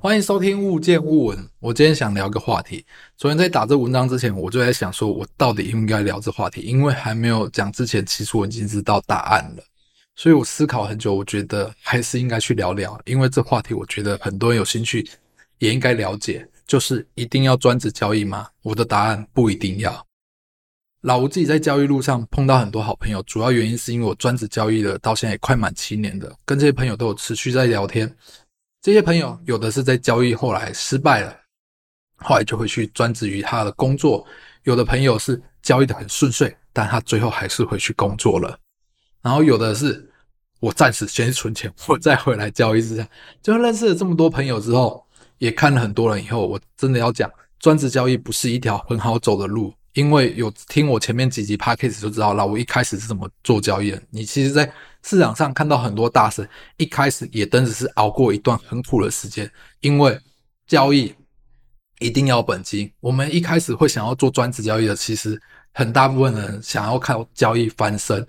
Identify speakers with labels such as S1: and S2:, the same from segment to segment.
S1: 歡迎收聽《物見物聞》。我今天想聊個話題。昨天在打這文章之前，我就在想，說我到底應不應該聊這話題？因為還沒有講之前，其實我已經知道答案了。所以我思考很久，我覺得還是應該去聊聊。因為這話題，我覺得很多人有興趣，也應該了解。就是一定要專職交易嗎？我的答案不一定要。老吳自己在交易路上碰到很多好朋友，主要原因是因為我專職交易了，到現在也快滿七年了，跟這些朋友都有持續在聊天。這些朋友有的是在交易，後來失敗了，後來就會去專職於他的工作；有的朋友是交易得很順遂，但他最後還是回去工作了。然後有的是，我暫時先存錢，我再回來交易。這樣，就認識了這麼多朋友之後，也看了很多人以後，我真的要講，專職交易不是一條很好走的路，因為有聽我前面幾集 Podcast 就知道了。我一開始是怎麼做交易的。你其實，在。市場上看到很多大神，一開始也真的是熬過一段很苦的時間，因為交易一定要本金。我們一開始會想要做專職交易的，其實很大部分人想要靠交易翻身。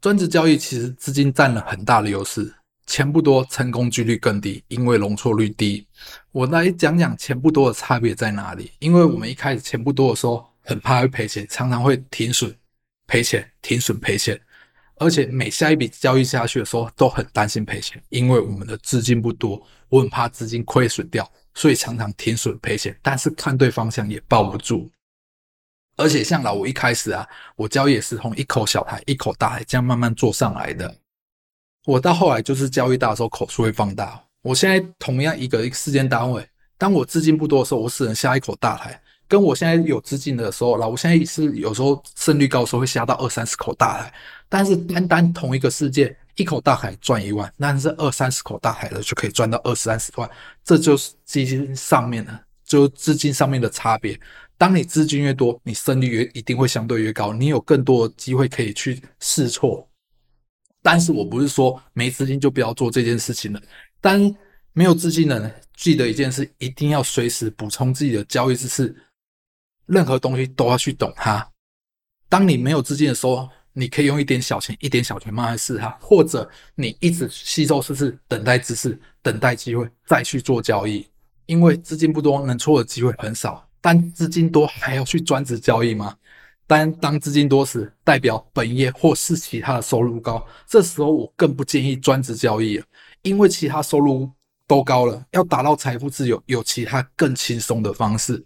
S1: 專職交易其實資金占了很大的優勢，錢不多，成功幾率更低，因為容錯率低。我來講講錢不多的差別在哪裡？因為我們一開始錢不多的時候，很怕會賠錢，常常會停損賠錢，停損賠錢。而且每下一筆交易下去的時候，都很擔心賠錢，因為我們的資金不多，我很怕資金虧損掉，所以常常停損賠錢。但是看對方向也抱不住。而且像老吳一開始啊，我交易也是從一口小台，一口大台這樣慢慢做上來的。我到後來就是交易大的時候口數會放大。我現在同樣一個時間單位，當我資金不多的時候，我只能下一口大台。跟我現在有資金的時候，那我現在是有時候勝率高的時候會下到二三十口大台，但是單單同一個世界一口大台賺一萬，但是二三十口大台的就可以賺到二三十萬，這就是基金上面的，就是資金上面的差別。當你資金越多，你勝率越一定會相對越高，你有更多的機會可以去試錯。但是我不是說沒資金就不要做這件事情了，當沒有資金的人，記得一件事，一定要隨時補充自己的交易知識。任何東西都要去懂它。當你沒有資金的時候，你可以用一點小錢、一點小錢慢慢試哈，或者你一直吸收知識、等待知識，等待機會，再去做交易。因為資金不多，能錯的機會很少。但資金多還要去專職交易嗎？但當資金多時，代表本業或是其他的收入高，這時候我更不建議專職交易了，因為其他收入都高了，要達到財富自由，有其他更輕鬆的方式。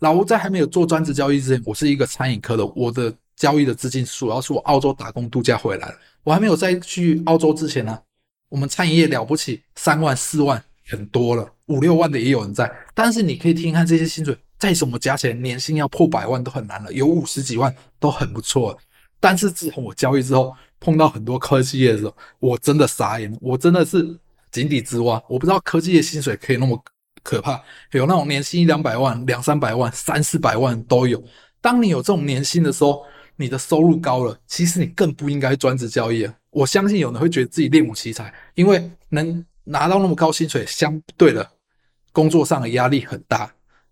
S1: 老吳在還沒有做專職交易之前，我是一個餐飲科的。我的交易的資金主要是我澳洲打工度假回來的。我還沒有在去澳洲之前呢、啊，我們餐飲業了不起，三萬、四萬很多了，五六萬的也有人在。但是你可以聽聽看這些薪水，再怎麼加起來年薪要破百萬都很難了，有五十幾萬都很不錯。但是自從我交易之後，碰到很多科技業的時候，我真的傻眼，我真的是井底之蛙，我不知道科技業薪水可以那麼。可怕，有那種年薪一兩百萬、兩三百萬、三四百萬都有。當你有這種年薪的時候，你的收入高了，其實你更不應該專職交易啊。我相信有人會覺得自己練武奇才，因為能拿到那麼高薪水，相對的，工作上的壓力很大。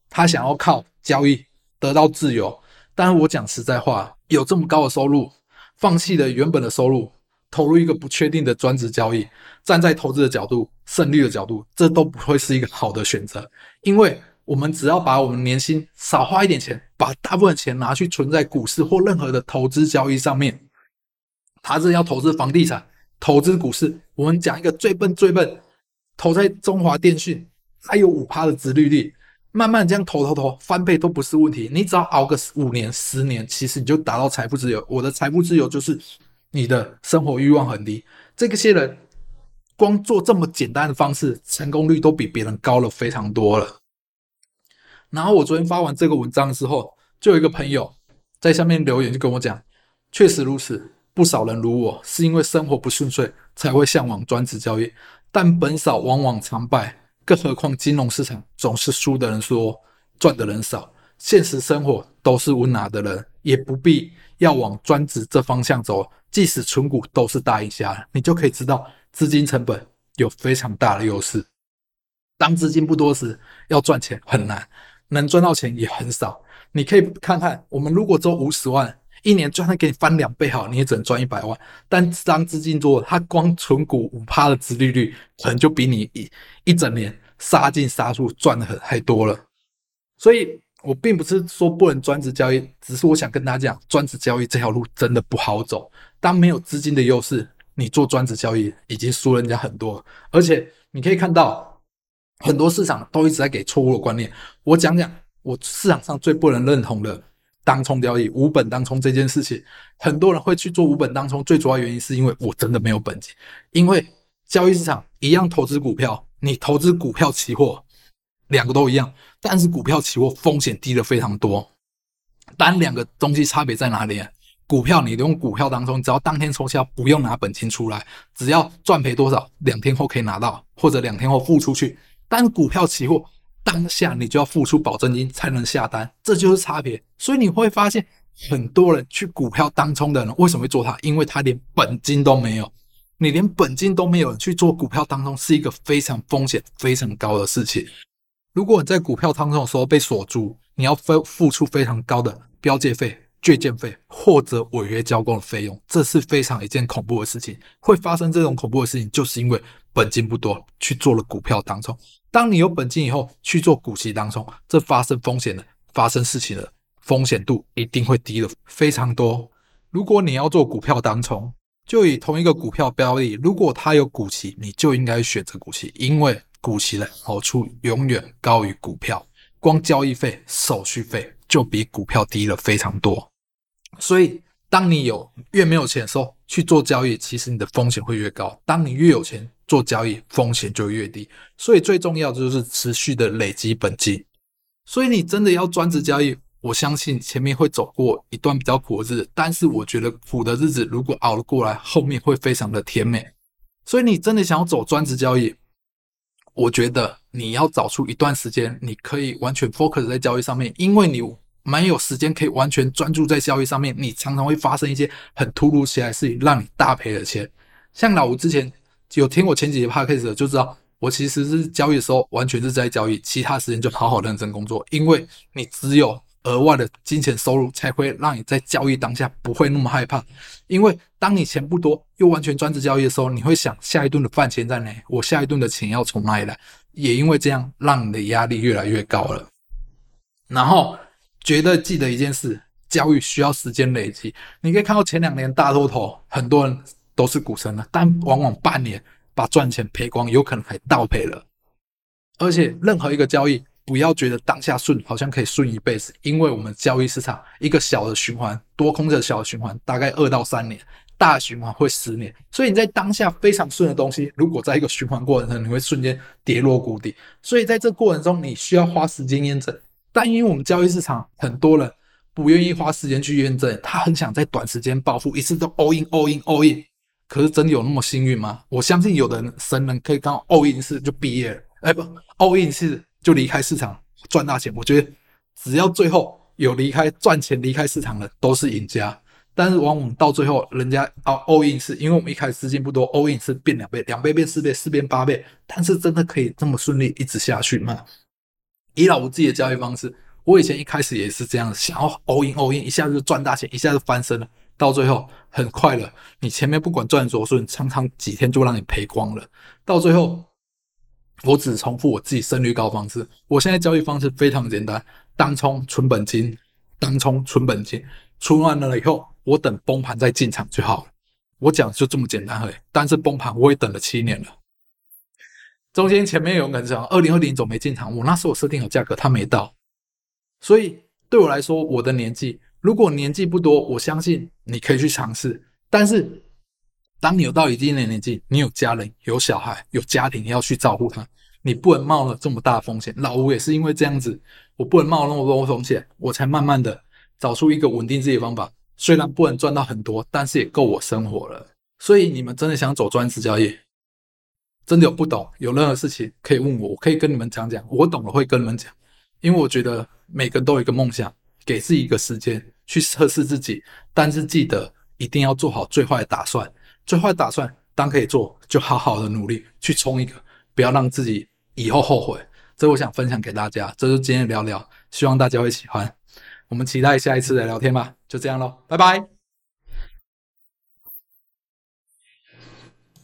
S1: 他想要靠交易得到自由，但我講實在話，有這麼高的收入，放棄了原本的收入。投入一個不確定的專職交易，站在投資的角度、勝率的角度，這都不會是一個好的選擇。因為我們只要把我們年薪少花一點錢，把大部分錢拿去存在股市或任何的投資交易上面。他是要投資房地產、投資股市，我們講一個最笨、最笨，投在中華電信，還有五趴的殖利率，慢慢這樣投、投、投，翻倍都不是問題。你只要熬個五年、十年，其實你就達到財富自由。我的財富自由就是。你的生活慾望很低，這些人光做這麼簡單的方式，成功率都比別人高了非常多了。然後我昨天發完這個文章之後，就有一個朋友在下面留言，就跟我講，確實如此，不少人如我是，是因為生活不順遂，才會嚮往專職交易。但本少往往常敗，更何況金融市場總是輸的人多，賺的人少，現實生活都是無奈的人，也不必。要往專職這方向走，即使存股都是大贏家，你就可以知道資金成本有非常大的優勢。當資金不多時，要賺錢很難，能賺到錢也很少。你可以看看，我們如果做五十萬，一年就算給你翻兩倍好，你也只能賺一百萬。但當資金多，它光存股五趴的殖利率，可能就比你一一整年殺進殺出賺的很還多了。所以。我並不是說不能專職交易，只是我想跟大家講，專職交易這條路真的不好走。當沒有資金的優勢，你做專職交易已經輸人家很多。而且你可以看到，很多市場都一直在給錯誤的觀念。我講講我市場上最不能認同的當沖交易，無本當沖這件事情。很多人會去做無本當沖，最主要原因是因為我真的沒有本金。因為交易市場一樣，投資股票，你投資股票期貨。兩個都一樣，但是股票期貨風險低得非常多。當然，兩個東西差別在哪裡？股票你用股票當沖，你只要當天沖銷，不用拿本金出來，只要賺賠多少，兩天後可以拿到，或者兩天後付出去。但是股票期貨，當下你就要付出保證金才能下單，這就是差別。所以你會發現，很多人去股票當沖的人為什麼會做它？因為他連本金都沒有。你連本金都沒有，去做股票當沖是一個非常風險非常高的事情。如果你在股票當沖的時候被鎖住，你要付付出非常高的標借費、借券費，或者違約交割的費用，這是非常一件恐怖的事情。會發生這種恐怖的事情，就是因為本金不多，去做了股票當沖。當你有本金以後去做股息當沖，這發生風險的、發生事情的風險度一定會低的非常多。如果你要做股票當沖，就以同一個股票標的，如果它有股息，你就應該選擇股息，因為。股息的好處永遠高於股票，光交易費、手續費就比股票低了非常多。所以，當你有越沒有錢的時候去做交易，其實你的風險會越高；當你越有錢做交易，風險就越低。所以，最重要的就是持續的累積本金。所以，你真的要專職交易，我相信前面會走過一段比較苦的日子，但是我覺得苦的日子如果熬了過來，後面會非常的甜美。所以，你真的想要走專職交易。我覺得你要找出一段時間，你可以完全 focus 在交易上面，因為你沒有時間可以完全專注在交易上面，你常常會發生一些很突如其來事情，讓你大賠的錢。像老吳之前有聽我前幾節 Podcast 的就知道，我其實是交易的時候完全是在交易，其他時間就好好認真工作，因為你只有。額外的金錢收入才會讓你在交易當下不會那麼害怕，因為當你錢不多又完全專職交易的時候，你會想下一頓的飯錢在哪？我下一頓的錢要從哪裡來？也因為這樣，讓你的壓力越來越高了。然後，絕對記得一件事：交易需要時間累積。你可以看到前兩年大多頭，很多人都是股神了，但往往半年把賺錢賠光，有可能還倒賠了。而且，任何一個交易，不要覺得當下順好像可以順一輩子，因為我們交易市場一個小的循環，多空的小的循環，大概二到三年，大循環會十年。所以你在當下非常順的東西，如果在一個循環過程中，你會瞬間跌落谷底。所以在這過程中，你需要花時間驗證。但因為我們交易市場很多人不願意花時間去驗證，他很想在短時間暴富，一次都 all in all in all in。可是真的有那麼幸運嗎？我相信有的人神人可以到 all in 時就畢業了。哎、欸，不 all in 是。就離開市場賺大錢，我覺得只要最後有離開賺錢離開市場的，都是贏家。但是往往到最後，人家啊，all in 是因為我們一開始資金不多，all in 是變兩倍，兩倍變四倍，四倍八倍，但是真的可以這麼順利一直下去嗎？以老吳自己的交易方式，我以前一開始也是這樣，想要 all in all in，一下子賺大錢，一下子翻身了，到最後很快了，你前面不管賺多少順，常常幾天就讓你賠光了，到最後。我只重複我自己勝率高方式。我現在交易方式非常簡單，當沖存本金，當沖存本金，存完了以後，我等崩盤再進場就好了。我講就這麼簡單嘿，但是崩盤我也等了七年了。中間前面有人講二零二零總沒進場，我那時候設定好價格，它沒到。所以對我來說，我的年紀，如果年紀不多，我相信你可以去嘗試。但是。當你有到一定的年紀，你有家人、有小孩、有家庭，你要去照顧他，你不能冒了這麼大的風險。老吳也是因為這樣子，我不能冒了那麼多風險，我才慢慢的找出一個穩定自己的方法。雖然不能賺到很多，但是也夠我生活了。所以你們真的想走專職交易，真的有不懂，有任何事情可以問我，我可以跟你們講講。我懂了會跟你們講，因為我覺得每個人都有一個夢想，給自己一個時間去測試自己，但是記得一定要做好最壞的打算。最後打算，當可以做，就好好的努力去衝一個，不要讓自己以後後悔。這我想分享給大家，這就是今天聊聊，希望大家會喜歡。我們期待下一次的聊天吧，就這樣嘍，拜拜。